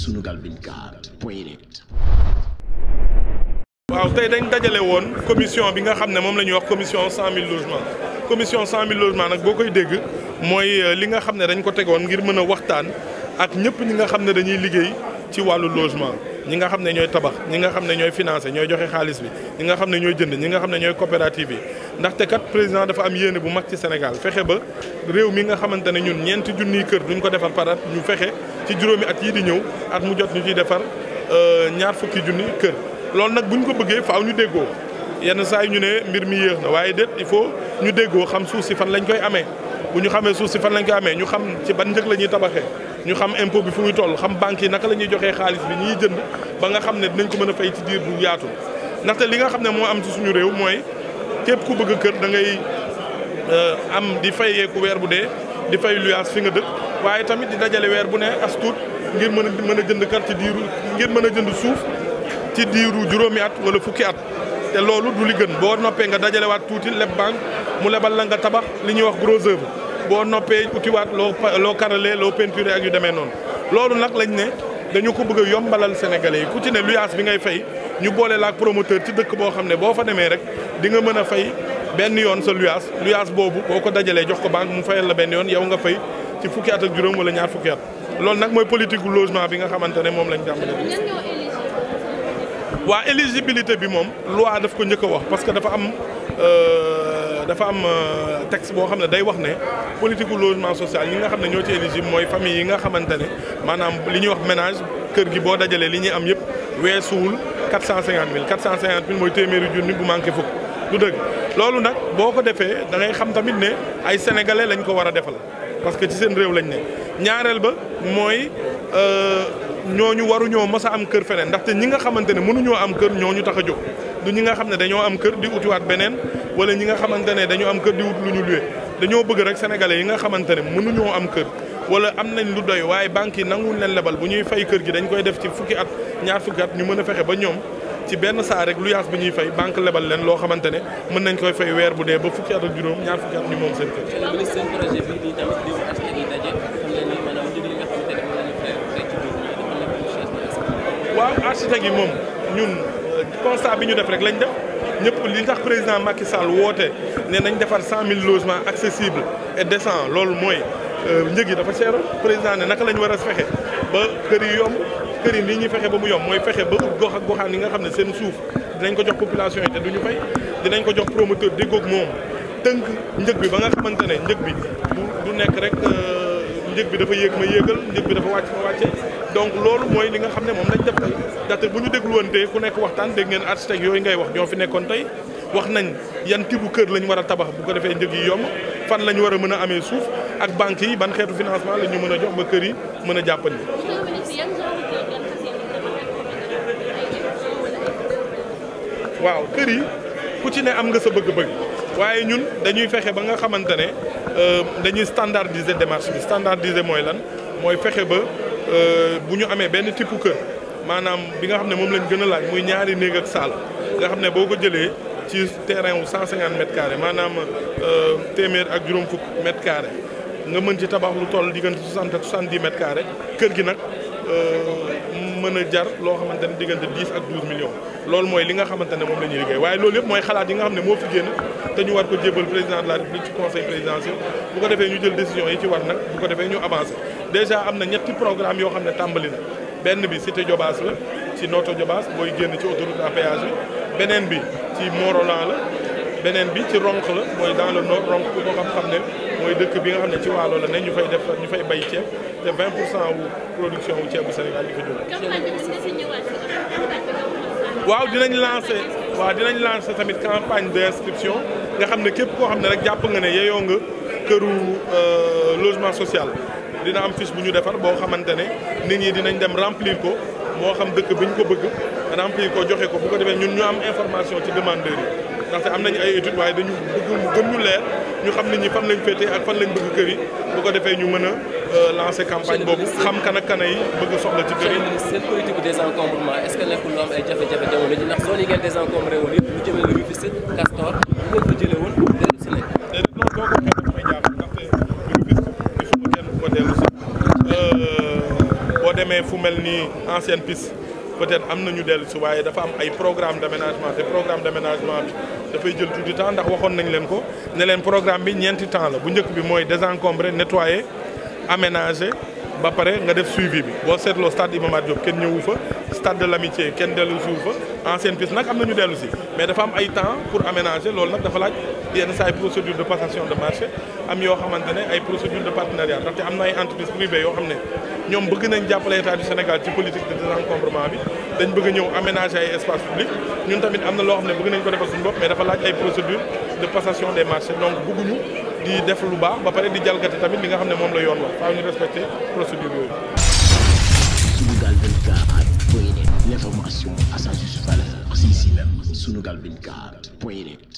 Sunugal 24 point net l'information waaw tey dañ dajale woon commission bi nga xam ne moom la ñuy wax commission 100 000 logements commission 100 nag boo koy dégg mooy euh, li nga xam ne dañ ko tegoon ngir mën a waxtaan ak ñëpp ñi nga xam ne dañuy liggéey ci wàllu logement ñi nga xam ne ñooy tabax ñi nga xam ne ñooy financé ñooy joxe xaalis bi ñi nga xam ne ñooy jënd ñi nga xam ne ñooy coopérative yi ndaxte kat président dafa am yéene bu mag ci Sénégal fexe ba réew mi nga xamante ne ñun ñeenti junniy kër duñ ko defar par ñu fexe ci juróomi at yii di ñëw at mu jot ñu ciy defar euh, ñaar fukki junni kër loolu nag buñ ko bëggee aw ñu déggoo yenn saa yi ñu ne mbir mi yéex na waaye déet il faut ñu déggoo xam suuf si fan lañ koy amee bu ñu xamee suuf si fan lañ koy amee ñu xam ci ban njëg la ñuy tabaxee ñu xam impôt bi fu muy toll xam banques yi naka la ñuy joxee xaalis bi ñuy jënd ba nga xam ne dinañ ko mën a fay ci diir bu yaatu ndaxte li nga xam ne moo am ci suñu réew mooy képp ku bëgg kër da ngay euh, am di fayeeku weer bu dee di fay luyaas fi nga dëkk waaye tamit di dajale weer bu ne as tuut ngir mën a mën a jënd kër ci diiru ngir mën a jënd suuf ci diiru juróomi at wala fukki at te loolu du li gën boo noppee nga dajalewaat tuuti leb banque mu lebal la nga tabax li ñuy wax gros œuvre boo noppee utiwaat loo loo karalee loo peinture ak yu demee noonu loolu nag lañ ne dañu ko bëgg a yombalal sénégalais yi ku ci ne luyaas bi ngay fay ñu boole laak promoteur ci dëkk boo xam ne boo fa demee rek di nga mën a fay benn yoon sa luyaas luyaas boobu boo ko dajalee jox ko banque mu fayal la benn yoon yow nga fay ci fukki at ak juróom wala ñaar fukki loolu nag mooy politique logement bi nga xamante ne moom lañ jàmbale waa éligibilité bi moom loi daf ko njëkk wax parce que dafa am euh, dafa am euh, texte boo xam ne day wax ne politique logement social ñi nga xam ne ñoo ci éligible mooy famille yi nga xamante ne maanaam li ñu wax ménage kër gi boo dajalee li ñu am yëpp weesuwul 450 000 450 000 mooy téeméeri junni bu manqué fukk du dëgg loolu nag boo ko defee da xam tamit ne ay sénégalais lañ ko war a defal parce que ci seen réew lañ ne ñaareel ba mooy. Euh, ñoo ñooñu waruñoo mës a am kër feneen ndaxte ñi nga xamante ne mënuñoo am kër ñu tax a jóg du ñi nga xam ne dañoo am kër di utiwaat beneen wala ñi nga xamante ne dañoo am kër di wut lu ñu luwe dañoo bëgg rek sénégalais yi nga xamante ne mënuñoo am kër wala am nañ lu doy waaye banque yi nanguwul leen lebal bu ñuy fay kër gi dañ koy def ci fukki at ñaar fukki at ñu mën a fexe ba ñoom ci benn saa rek lu yaas bi ñuy fay banque lebal leen loo xamante ne mën nañ koy fay weer bu dee ba fukki at juróom ñaar fukki at ñu moom seen kër waaw architecte yi moom ñun constat bi ñu def rek lañ def ñëpp li tax président Macky Sall woote ne nañ defar cent mille logements accessibles et décents loolu mooy euh, njëg yi dafa cher président ne naka la ñu war a fexe ba kër yi yomb kër yi nii ñuy fexe ba mu yomb mooy fexe ba ut gox ak goxaan yi nga xam ne seen suuf dinañ ko jox population yi te duñu fay dinañ ko jox promoteur déggoog moom tënk njëg bi ba nga xamante ne njëg bi du nekk rek. Euh, njëg bi dafa yéeg ma yéegal njëg bi dafa wàcc ma wàcce donc loolu mooy li nga xam ne moom lañ def tey ndaxte bu ñu dégluwantee ku nekk waxtaan dégg ngeen architecte yooyu ngay wax ñoo fi nekkoon tey wax nañ yan tibu kër lañ war a tabax bu ko defee njëg yi yomb fan lañ war a mën a amee suuf ak banques yi ban xeetu financement la ñu mën a jox ba kër yi mën a jàppandi waaw kër yi ku ci ne am nga sa bëgg-bëgg waaye ñun dañuy fexe ba nga xamante ne Euh, dañuy standardiser démarche bi standardiser mooy lan mooy fexe ba euh, bu ñu amee benn type kër maanaam bi nga xam ne moom lañ gën a laaj muy ñaari néeg saal nga xam ne boo ko jëlee ci terrain wu 150 mètres carrés maanaam euh, téeméer ak juróom fukk mètres nga mën ci tabax lu toll diggante 60 ak 70 mètres kër gi nag mën a jar loo xamante ne diggante 10 ak 12 millions loolu xamante ne moom la ñuy liggéey waaye loolu yëpp mooy xalaat yi nga xam ne moo fi génn. te ñu war ko jébbal président de la république ci conseil présidentiel bu ko defee ñu jël décision yi ci war nag bu ko defee ñu avancé déjà am na ñetti programme yoo xam ne tàmbali na benn bi cité Diobass la ci Notto Diobass booy génn ci autoroute à péage bi beneen bi ci Morolan la beneen bi ci Ronk la mooy dans le nord Ronk ku ko xam-xam ne mooy dëkk bi nga xam ne ci waalo la ne ñu fay def ñu fay bay ceeb te 20 pour cent wu production wu ceebu Sénégal di fa jóge waaw dinañ lancer tamit campagne de inscription nga xam ne képp koo xam ne rek jàpp nga ne yeyoo nga këru euh, logement social dina am fiche bu ñu defar boo xamante ne nit ñi dinañ dem remplir ko moo xam dëkk bi ñu ko bëgg remplir ko joxe ko bu ko defee ñun ñu am information ci demandeur yi ndaxte am nañu ay études waaye dañu bëgg mu gëm leer ñu xam nit ñi fan lañ féete ak fan lañ bëgg kër yi bu ko defee ñu mën a Euh, lancé campagne boobu xam kan ak kana yi bëgg soxla ci kër yi. seen politique bu désencombrement est-ce que nekkul lu am ay jafe-jafe jamono ji ndax zone kenn daf demee fu mel ni ancienne piste peut-être am na ñu dellu si waaye dafa am ay programme d'aménagement te programme d'aménagement bi dafay jël tuuti temps ndax waxoon nañ leen ko ne leen programme bi ñeenti temps la bu njëkk bi mooy désencombrer nettoyer. aménagé ba pare nga def suivi bi boo seetloo stade Iba Mar Diop kenn ñëwu fa stade de l'amitié kenn dellu suuf fa ancienne piste nag am na ñu dellu si mais dafa am ay temps pour aménager loolu nag dafa laaj yenn saa ay procédure de passation de marché am yoo xamante ne ay procédure de partenariat ndaxte am na ay entreprise privée yoo xam ne ñoom bëgg nañ jàppale état du Sénégal ci politique de désencombrement bi dañ bëgg ñëw aménager ay espace public tamit am na loo xam ne bëgg nañ ko defal suñu bopp mais dafa laaj ay procédure de passation des marchés donc bëgguñu di def lu baax ba pare di jalgati tamit li nga xam ne moom la yoon wax faaw ñu respecté procédure yooyu. Sunugal 24 point net l'information à sa juste valeur, c'est ici même Sunugal point net.